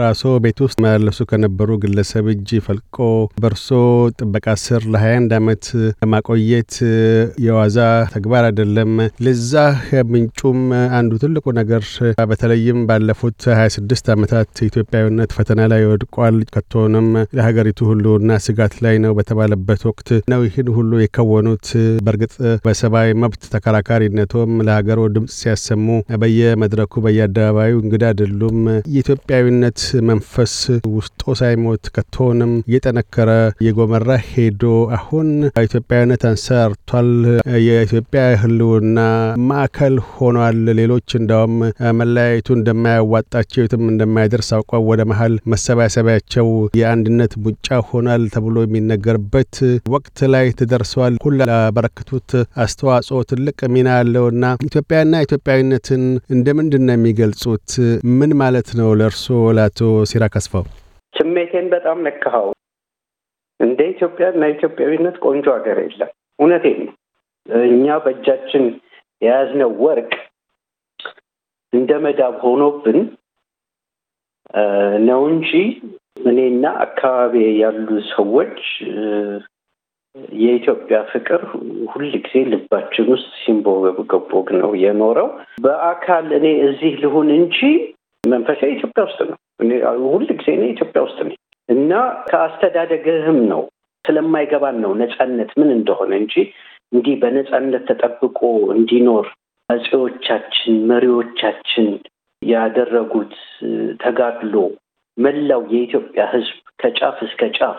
ራሶ ቤት ውስጥ መላለሱ ከነበሩ ግለሰብ እጅ ፈልቆ በርሶ ጥበቃ ስር ለ21 ዓመት ለማቆየት የዋዛ ተግባር አይደለም። ለዛ ምንጩም አንዱ ትልቁ ነገር በተለይም ባለፉት 26 ዓመታት ኢትዮጵያዊነት ፈተና ላይ ወድቋል፣ ከቶንም ለሀገሪቱ ሁሉና ስጋት ላይ ነው በተባለበት ወቅት ነው ይህን ሁሉ የከወኑት። በእርግጥ በሰብአዊ መብት ተከራካሪነቶም ለሀገሮ ድምፅ ሲያሰሙ በየመድረኩ በየአደባባዩ እንግዳ አይደሉም። የኢትዮጵያዊነት መንፈስ ውስጦ ሳይሞት ከቶንም እየጠነከረ እየጎመራ ሄዶ አሁን ኢትዮጵያዊነት አንሰርቷል የኢትዮጵያ ህልውና ማዕከል ሆኗል። ሌሎች እንዳውም መለያየቱ እንደማያዋጣቸው የትም እንደማያደርስ አውቋ ወደ መሀል መሰባሰቢያቸው የአንድነት ሙጫ ሆኗል ተብሎ የሚነገርበት ወቅት ላይ ተደርሰዋል። ሁላ ላበረከቱት አስተዋጽኦ ትልቅ ሚና አለውና ኢትዮጵያና ኢትዮጵያዊነትን እንደምንድን ነው የሚገልጹት? ምን ማለት ነው ለእርስዎ አቶ ሲራክ አስፋው ስሜቴን በጣም ነካኸው። እንደ ኢትዮጵያ እና ኢትዮጵያዊነት ቆንጆ ሀገር የለም። እውነቴን ነው። እኛ በእጃችን የያዝነው ወርቅ እንደ መዳብ ሆኖብን ነው እንጂ እኔና አካባቢ ያሉ ሰዎች የኢትዮጵያ ፍቅር ሁል ጊዜ ልባችን ውስጥ ሲንቦገቦግ ነው የኖረው። በአካል እኔ እዚህ ልሁን እንጂ መንፈሻ ኢትዮጵያ ውስጥ ነው። ሁል ጊዜ እኔ ኢትዮጵያ ውስጥ ነኝ እና ከአስተዳደግህም ነው ስለማይገባን ነው ነፃነት ምን እንደሆነ እንጂ እንዲህ በነፃነት ተጠብቆ እንዲኖር መጽዎቻችን መሪዎቻችን ያደረጉት ተጋድሎ መላው የኢትዮጵያ ህዝብ ከጫፍ እስከ ጫፍ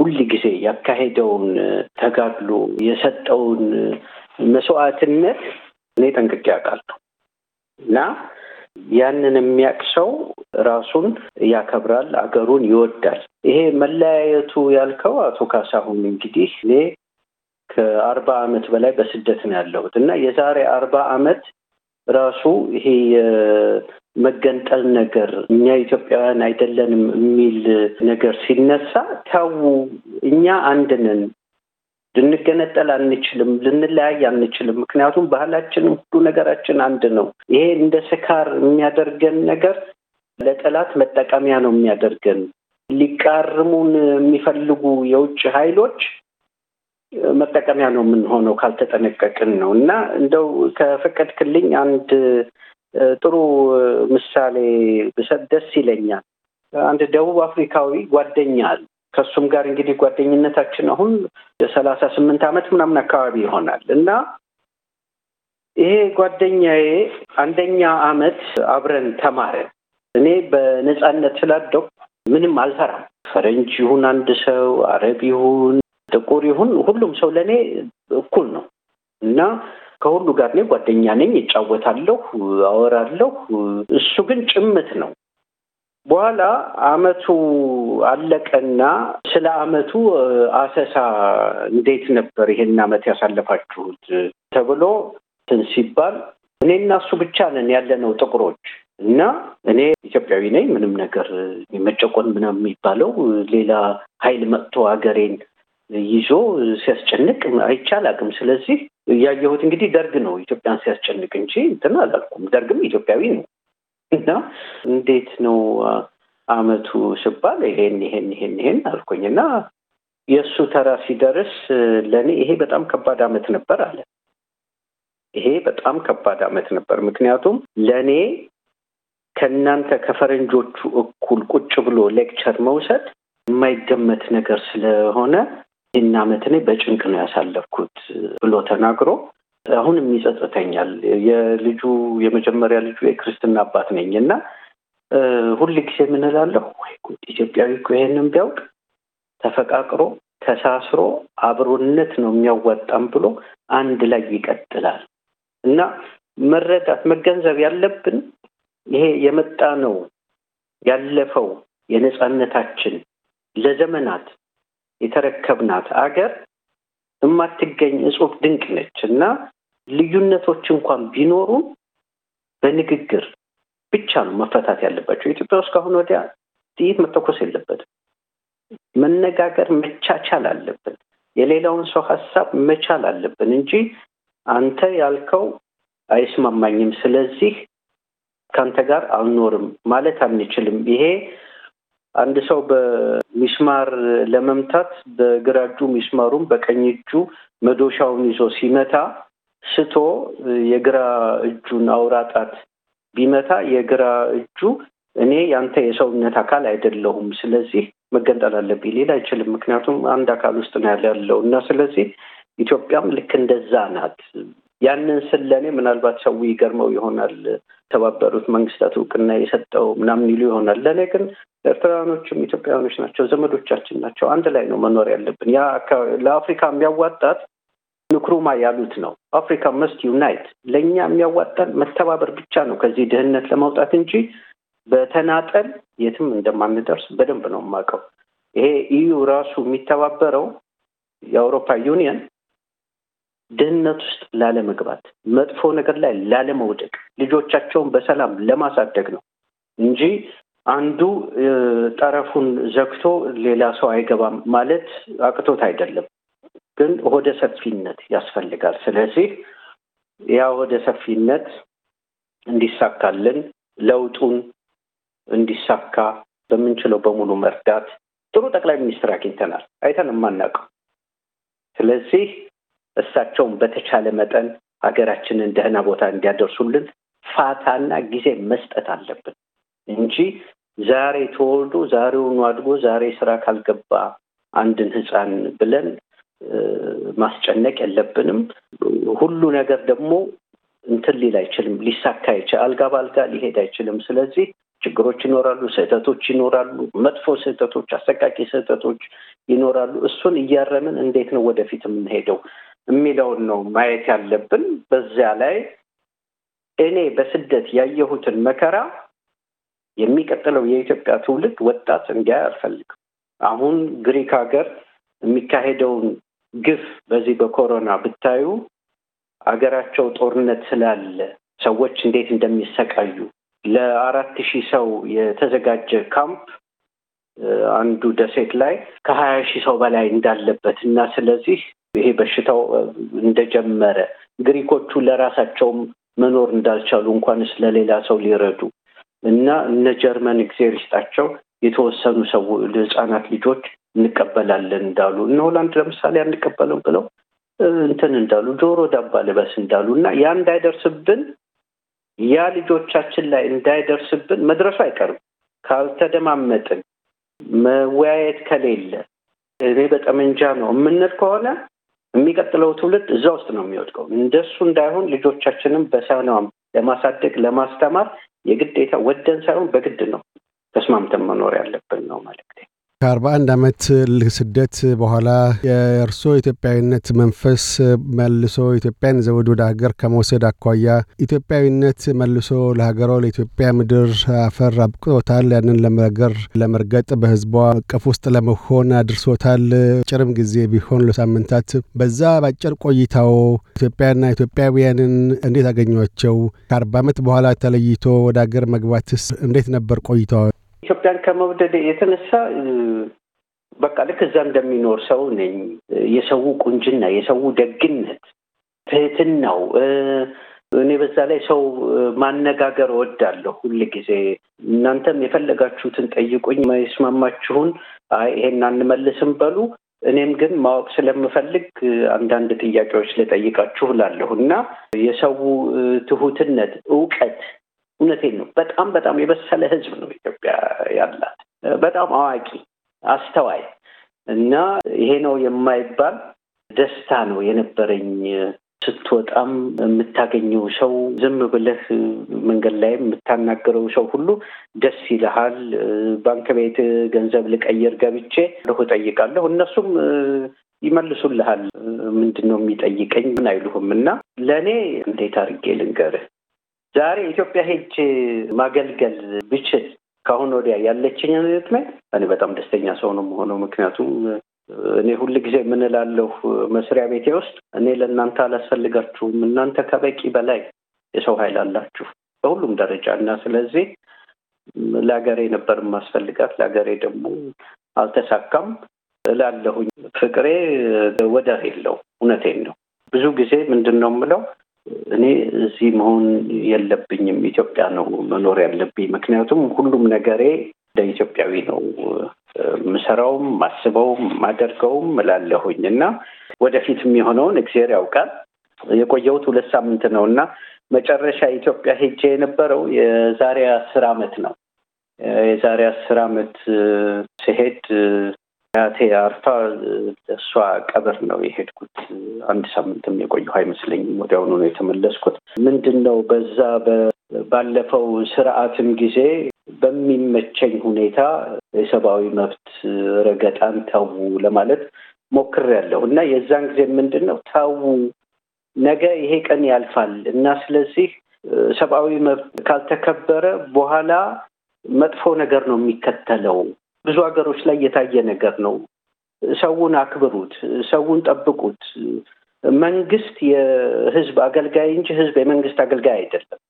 ሁል ጊዜ ያካሄደውን ተጋድሎ የሰጠውን መስዋዕትነት እኔ ጠንቅቄ አውቃለሁ እና ያንን የሚያውቅ ሰው ራሱን ያከብራል፣ አገሩን ይወዳል። ይሄ መለያየቱ ያልከው አቶ ካሳሁን እንግዲህ እኔ ከአርባ ዓመት በላይ በስደት ነው ያለሁት እና የዛሬ አርባ ዓመት ራሱ ይሄ የመገንጠል ነገር እኛ ኢትዮጵያውያን አይደለንም የሚል ነገር ሲነሳ ተው እኛ አንድንን ልንገነጠል አንችልም፣ ልንለያይ አንችልም። ምክንያቱም ባህላችንም ሁሉ ነገራችን አንድ ነው። ይሄ እንደ ስካር የሚያደርገን ነገር ለጠላት መጠቀሚያ ነው የሚያደርገን። ሊቃርሙን የሚፈልጉ የውጭ ኃይሎች መጠቀሚያ ነው የምንሆነው ካልተጠነቀቅን ነው እና እንደው ከፈቀድክልኝ አንድ ጥሩ ምሳሌ ብሰጥ ደስ ይለኛል። አንድ ደቡብ አፍሪካዊ ጓደኛ አለ። ከእሱም ጋር እንግዲህ ጓደኝነታችን አሁን የሰላሳ ስምንት ዓመት ምናምን አካባቢ ይሆናል እና ይሄ ጓደኛዬ አንደኛ ዓመት አብረን ተማረን እኔ በነጻነት ስላደው ምንም አልፈራም። ፈረንጅ ይሁን አንድ ሰው፣ አረብ ይሁን ጥቁር ይሁን ሁሉም ሰው ለእኔ እኩል ነው እና ከሁሉ ጋር እኔ ጓደኛ ነኝ፣ እጫወታለሁ፣ አወራለሁ። እሱ ግን ጭምት ነው። በኋላ አመቱ አለቀና ስለ አመቱ አሰሳ እንዴት ነበር ይሄን አመት ያሳለፋችሁት ተብሎ እንትን ሲባል እኔና እሱ ብቻ ነን ያለነው ጥቁሮች እና እኔ ኢትዮጵያዊ ነኝ፣ ምንም ነገር የመጨቆን ምናምን የሚባለው ሌላ ኃይል መጥቶ ሀገሬን ይዞ ሲያስጨንቅ አይቻላቅም ስለዚህ ያየሁት እንግዲህ ደርግ ነው ኢትዮጵያን ሲያስጨንቅ እንጂ እንትን አላልኩም። ደርግም ኢትዮጵያዊ ነው እና እንዴት ነው አመቱ ስባል ይሄን ይሄን ይሄን ይሄን አልኩኝ እና የእሱ ተራ ሲደርስ ለእኔ ይሄ በጣም ከባድ አመት ነበር አለ። ይሄ በጣም ከባድ አመት ነበር። ምክንያቱም ለእኔ ከእናንተ ከፈረንጆቹ እኩል ቁጭ ብሎ ሌክቸር መውሰድ የማይገመት ነገር ስለሆነ ይህን ዓመት እኔ በጭንቅ ነው ያሳለፍኩት ብሎ ተናግሮ አሁንም ይጸጽተኛል። የልጁ የመጀመሪያ ልጁ የክርስትና አባት ነኝ እና ሁል ጊዜ ምን እላለሁ፣ ኢትዮጵያዊ እኮ ይሄንን ቢያውቅ ተፈቃቅሮ ተሳስሮ አብሮነት ነው የሚያዋጣም ብሎ አንድ ላይ ይቀጥላል እና መረዳት መገንዘብ ያለብን ይሄ የመጣ ነው ያለፈው የነጻነታችን ለዘመናት የተረከብናት አገር የማትገኝ እጹብ ድንቅ ነች እና ልዩነቶች እንኳን ቢኖሩ በንግግር ብቻ ነው መፈታት ያለባቸው። ኢትዮጵያ ውስጥ ካሁን ወዲያ ጥይት መተኮስ የለበትም። መነጋገር መቻቻል አለብን። የሌላውን ሰው ሀሳብ መቻል አለብን እንጂ አንተ ያልከው አይስማማኝም፣ ስለዚህ ከአንተ ጋር አልኖርም ማለት አንችልም። ይሄ አንድ ሰው በሚስማር ለመምታት በግራ እጁ ሚስማሩን በቀኝ እጁ መዶሻውን ይዞ ሲመታ ስቶ የግራ እጁን አውራጣት ቢመታ የግራ እጁ እኔ ያንተ የሰውነት አካል አይደለሁም፣ ስለዚህ መገንጠል አለብኝ ሌላ አይችልም። ምክንያቱም አንድ አካል ውስጥ ነው ያለው እና ስለዚህ ኢትዮጵያም ልክ እንደዛ ናት። ያንን ስል ለእኔ ምናልባት ሰው ይገርመው ይሆናል የተባበሩት መንግስታት እውቅና የሰጠው ምናምን ይሉ ይሆናል። ለእኔ ግን ኤርትራውያኖችም ኢትዮጵያውያኖች ናቸው፣ ዘመዶቻችን ናቸው። አንድ ላይ ነው መኖር ያለብን። ያ ለአፍሪካ የሚያዋጣት ንክሩማ ያሉት ነው። አፍሪካ መስት ዩናይት። ለእኛ የሚያዋጣን መተባበር ብቻ ነው ከዚህ ድህነት ለማውጣት እንጂ በተናጠል የትም እንደማንደርስ በደንብ ነው የማውቀው። ይሄ ኢዩ ራሱ የሚተባበረው የአውሮፓ ዩኒየን ድህነት ውስጥ ላለመግባት፣ መጥፎ ነገር ላይ ላለመውደቅ፣ ልጆቻቸውን በሰላም ለማሳደግ ነው እንጂ አንዱ ጠረፉን ዘግቶ ሌላ ሰው አይገባም ማለት አቅቶት አይደለም። ግን ሆደ ሰፊነት ያስፈልጋል። ስለዚህ ያ ሆደ ሰፊነት እንዲሳካልን ለውጡን እንዲሳካ በምንችለው በሙሉ መርዳት። ጥሩ ጠቅላይ ሚኒስትር አግኝተናል፣ አይተን የማናውቀው። ስለዚህ እሳቸውም በተቻለ መጠን ሀገራችንን ደህና ቦታ እንዲያደርሱልን ፋታና ጊዜ መስጠት አለብን እንጂ ዛሬ ተወልዶ ዛሬውኑ አድጎ ዛሬ ስራ ካልገባ አንድን ህፃን ብለን ማስጨነቅ የለብንም። ሁሉ ነገር ደግሞ እንትን ሊል አይችልም፣ ሊሳካ አይችል አልጋ በአልጋ ሊሄድ አይችልም። ስለዚህ ችግሮች ይኖራሉ፣ ስህተቶች ይኖራሉ፣ መጥፎ ስህተቶች፣ አሰቃቂ ስህተቶች ይኖራሉ። እሱን እያረምን እንዴት ነው ወደፊት የምንሄደው? የሚለውን ነው ማየት ያለብን። በዚያ ላይ እኔ በስደት ያየሁትን መከራ የሚቀጥለው የኢትዮጵያ ትውልድ ወጣት እንዲያይ አልፈልግም። አሁን ግሪክ ሀገር የሚካሄደውን ግፍ በዚህ በኮሮና ብታዩ አገራቸው ጦርነት ስላለ ሰዎች እንዴት እንደሚሰቃዩ ለአራት ሺህ ሰው የተዘጋጀ ካምፕ አንዱ ደሴት ላይ ከሀያ ሺህ ሰው በላይ እንዳለበት እና ስለዚህ ይሄ በሽታው እንደጀመረ ግሪኮቹ ለራሳቸውም መኖር እንዳልቻሉ እንኳን ስለሌላ ሰው ሊረዱ እና እነ ጀርመን እግዜር ይስጣቸው የተወሰኑ ሰው ህጻናት ልጆች እንቀበላለን እንዳሉ እነ ሆላንድ ለምሳሌ አንቀበልም ብለው እንትን እንዳሉ ጆሮ ዳባ ልበስ እንዳሉ እና ያ እንዳይደርስብን ያ ልጆቻችን ላይ እንዳይደርስብን መድረሱ አይቀርም ካልተደማመጥን መወያየት ከሌለ እኔ በጠመንጃ ነው የምንል ከሆነ የሚቀጥለው ትውልድ እዛ ውስጥ ነው የሚወድቀው። እንደሱ እንዳይሆን ልጆቻችንም በሰላም ለማሳደግ ለማስተማር የግዴታ ወደን ሳይሆን በግድ ነው ተስማምተን መኖር ያለብን ነው ማለት ከአርባ አንድ ዓመት ስደት በኋላ የእርሶ ኢትዮጵያዊነት መንፈስ መልሶ ኢትዮጵያን ዘውድ ወደ ሀገር ከመውሰድ አኳያ ኢትዮጵያዊነት መልሶ ለሀገሮ ለኢትዮጵያ ምድር አፈር አብቅቶታል። ያንን ለመገር ለመርገጥ በህዝቧ እቅፍ ውስጥ ለመሆን አድርሶታል። ጭርም ጊዜ ቢሆን ለሳምንታት። በዛ በአጭር ቆይታው ኢትዮጵያና ኢትዮጵያውያንን እንዴት አገኟቸው? ከአርባ ዓመት በኋላ ተለይቶ ወደ ሀገር መግባትስ እንዴት ነበር ቆይተዋል? ኢትዮጵያን ከመውደድ የተነሳ በቃ ልክ እዛ እንደሚኖር ሰው ነኝ። የሰው ቁንጅና፣ የሰው ደግነት፣ ትህትናው እኔ በዛ ላይ ሰው ማነጋገር እወዳለሁ ሁል ጊዜ። እናንተም የፈለጋችሁትን ጠይቁኝ፣ የማይስማማችሁን አይ ይሄን አንመልስም በሉ። እኔም ግን ማወቅ ስለምፈልግ አንዳንድ ጥያቄዎች ልጠይቃችሁ እላለሁ እና የሰው ትሁትነት፣ እውቀት እውነቴን ነው። በጣም በጣም የበሰለ ህዝብ ነው ኢትዮጵያ ያላት፣ በጣም አዋቂ፣ አስተዋይ እና ይሄ ነው የማይባል ደስታ ነው የነበረኝ። ስትወጣም የምታገኘው ሰው ዝም ብለህ መንገድ ላይ የምታናገረው ሰው ሁሉ ደስ ይልሃል። ባንክ ቤት ገንዘብ ልቀይር ገብቼ ለሁ ጠይቃለሁ፣ እነሱም ይመልሱልሃል። ምንድን ነው የሚጠይቀኝ? ምን አይሉህም። እና ለእኔ እንዴት አድርጌ ልንገርህ ዛሬ ኢትዮጵያ ሄጅ ማገልገል ብችል ከአሁን ወዲያ ያለችኝ ዕድሜ እኔ በጣም ደስተኛ ሰው ነው መሆነው። ምክንያቱም እኔ ሁል ጊዜ የምንላለሁ መስሪያ ቤቴ ውስጥ እኔ ለእናንተ አላስፈልጋችሁም፣ እናንተ ከበቂ በላይ የሰው ኃይል አላችሁ በሁሉም ደረጃ እና ስለዚህ ለሀገሬ ነበር የማስፈልጋት፣ ለሀገሬ ደግሞ አልተሳካም እላለሁኝ። ፍቅሬ ወደር የለው እውነቴን ነው። ብዙ ጊዜ ምንድን ነው የምለው እኔ እዚህ መሆን የለብኝም፣ ኢትዮጵያ ነው መኖር ያለብኝ። ምክንያቱም ሁሉም ነገሬ እንደ ኢትዮጵያዊ ነው ምሰራውም፣ ማስበውም፣ ማደርገውም እላለሁኝ እና ወደፊት የሚሆነውን እግዜር ያውቃል። የቆየሁት ሁለት ሳምንት ነው እና መጨረሻ ኢትዮጵያ ሄጄ የነበረው የዛሬ አስር አመት ነው። የዛሬ አስር አመት ስሄድ አያቴ አርፋ እሷ ቀብር ነው የሄድኩት። አንድ ሳምንትም የቆየሁ አይመስለኝም። ወዲያውኑ ነው የተመለስኩት። ምንድን ነው በዛ ባለፈው ስርዓትም ጊዜ በሚመቸኝ ሁኔታ የሰብአዊ መብት ረገጣን ተዉ ለማለት ሞክሬያለሁ እና የዛን ጊዜ ምንድን ነው ተዉ፣ ነገ ይሄ ቀን ያልፋል እና ስለዚህ ሰብአዊ መብት ካልተከበረ በኋላ መጥፎ ነገር ነው የሚከተለው ብዙ ሀገሮች ላይ የታየ ነገር ነው። ሰውን አክብሩት፣ ሰውን ጠብቁት። መንግስት የህዝብ አገልጋይ እንጂ ህዝብ የመንግስት አገልጋይ አይደለም።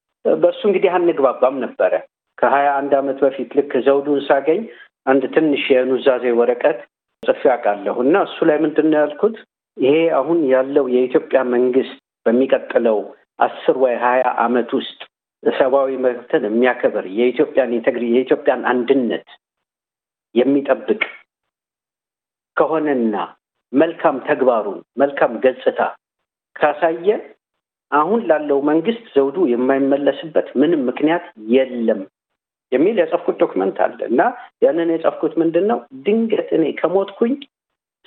በእሱ እንግዲህ አንግባባም ነበረ። ከሀያ አንድ አመት በፊት ልክ ዘውዱን ሳገኝ አንድ ትንሽ የኑዛዜ ወረቀት ጽፌ አውቃለሁ እና እሱ ላይ ምንድን ነው ያልኩት? ይሄ አሁን ያለው የኢትዮጵያ መንግስት በሚቀጥለው አስር ወይ ሀያ አመት ውስጥ ሰብአዊ መብትን የሚያከብር የኢትዮጵያን ኢንተግሪ የኢትዮጵያን አንድነት የሚጠብቅ ከሆነና መልካም ተግባሩን መልካም ገጽታ ካሳየ አሁን ላለው መንግስት ዘውዱ የማይመለስበት ምንም ምክንያት የለም የሚል የጻፍኩት ዶክመንት አለ እና ያንን የጻፍኩት ምንድን ነው ድንገት እኔ ከሞትኩኝ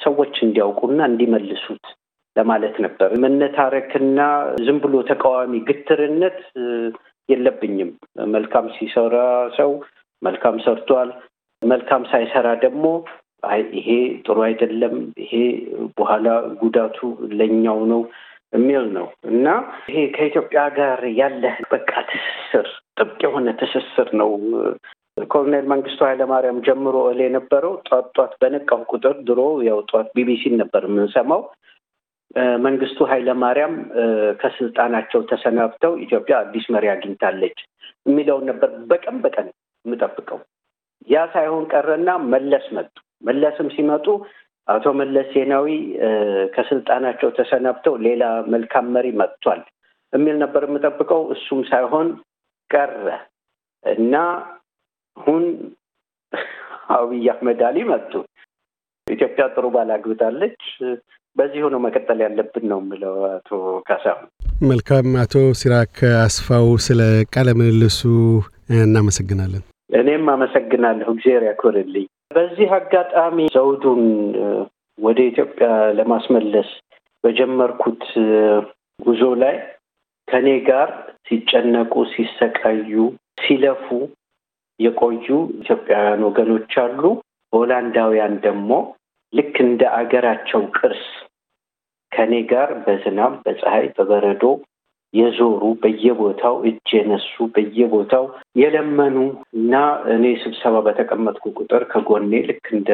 ሰዎች እንዲያውቁና እንዲመልሱት ለማለት ነበር። መነታረክና ዝም ብሎ ተቃዋሚ ግትርነት የለብኝም። መልካም ሲሰራ ሰው መልካም ሰርቷል፣ መልካም ሳይሰራ ደግሞ ይሄ ጥሩ አይደለም፣ ይሄ በኋላ ጉዳቱ ለኛው ነው የሚል ነው እና ይሄ ከኢትዮጵያ ጋር ያለህ በቃ ትስስር ጥብቅ የሆነ ትስስር ነው። ኮሎኔል መንግስቱ ኃይለማርያም ጀምሮ እል የነበረው ጧት ጧት በነቃው ቁጥር ድሮ ያው ጧት ቢቢሲን ነበር የምንሰማው። መንግስቱ ኃይለማርያም ከስልጣናቸው ተሰናብተው ኢትዮጵያ አዲስ መሪ አግኝታለች የሚለውን ነበር በቀን በቀን የምጠብቀው ያ ሳይሆን ቀረና መለስ መጡ። መለስም ሲመጡ አቶ መለስ ዜናዊ ከስልጣናቸው ተሰናብተው ሌላ መልካም መሪ መጥቷል የሚል ነበር የምጠብቀው። እሱም ሳይሆን ቀረ እና አሁን አብይ አህመድ አሊ መጡ። ኢትዮጵያ ጥሩ ባል አግብታለች። በዚህ ሆኖ መቀጠል ያለብን ነው የምለው አቶ ካሳሁን። መልካም አቶ ሲራክ አስፋው ስለ ቃለ ምልልሱ እናመሰግናለን። እኔም አመሰግናለሁ። እግዜር ያክብርልኝ። በዚህ አጋጣሚ ዘውዱን ወደ ኢትዮጵያ ለማስመለስ በጀመርኩት ጉዞ ላይ ከእኔ ጋር ሲጨነቁ፣ ሲሰቃዩ፣ ሲለፉ የቆዩ ኢትዮጵያውያን ወገኖች አሉ። ሆላንዳውያን ደግሞ ልክ እንደ አገራቸው ቅርስ ከእኔ ጋር በዝናብ፣ በፀሐይ፣ በበረዶ የዞሩ በየቦታው እጅ የነሱ በየቦታው የለመኑ እና እኔ ስብሰባ በተቀመጥኩ ቁጥር ከጎኔ ልክ እንደ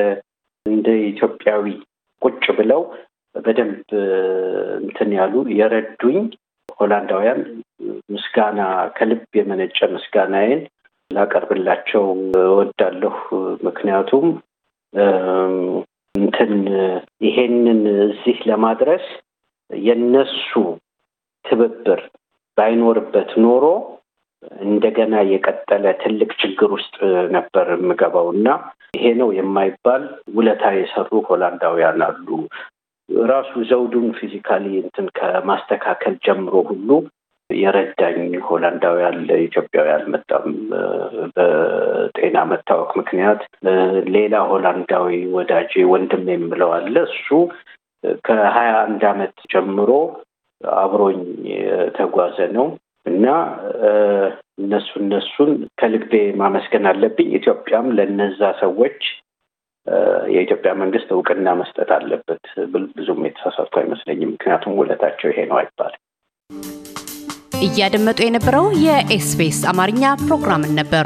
እንደ ኢትዮጵያዊ ቁጭ ብለው በደንብ እንትን ያሉ የረዱኝ ሆላንዳውያን ምስጋና ከልብ የመነጨ ምስጋናዬን ላቀርብላቸው እወዳለሁ። ምክንያቱም እንትን ይሄንን እዚህ ለማድረስ የነሱ ትብብር ባይኖርበት ኖሮ እንደገና የቀጠለ ትልቅ ችግር ውስጥ ነበር የምገባው እና ይሄ ነው የማይባል ውለታ የሰሩ ሆላንዳውያን አሉ። ራሱ ዘውዱን ፊዚካሊ እንትን ከማስተካከል ጀምሮ ሁሉ የረዳኝ ሆላንዳውያን ለኢትዮጵያዊ አልመጣም በጤና መታወቅ ምክንያት። ሌላ ሆላንዳዊ ወዳጄ ወንድም የምለው አለ። እሱ ከሀያ አንድ አመት ጀምሮ አብሮኝ የተጓዘ ነው እና እነሱ እነሱን ከልቤ ማመስገን አለብኝ። ኢትዮጵያም ለነዛ ሰዎች የኢትዮጵያ መንግስት እውቅና መስጠት አለበት። ብዙም የተሳሳትኩ አይመስለኝም። ምክንያቱም ውለታቸው ይሄ ነው አይባልም። እያደመጡ የነበረው የኤስቢኤስ አማርኛ ፕሮግራምን ነበር።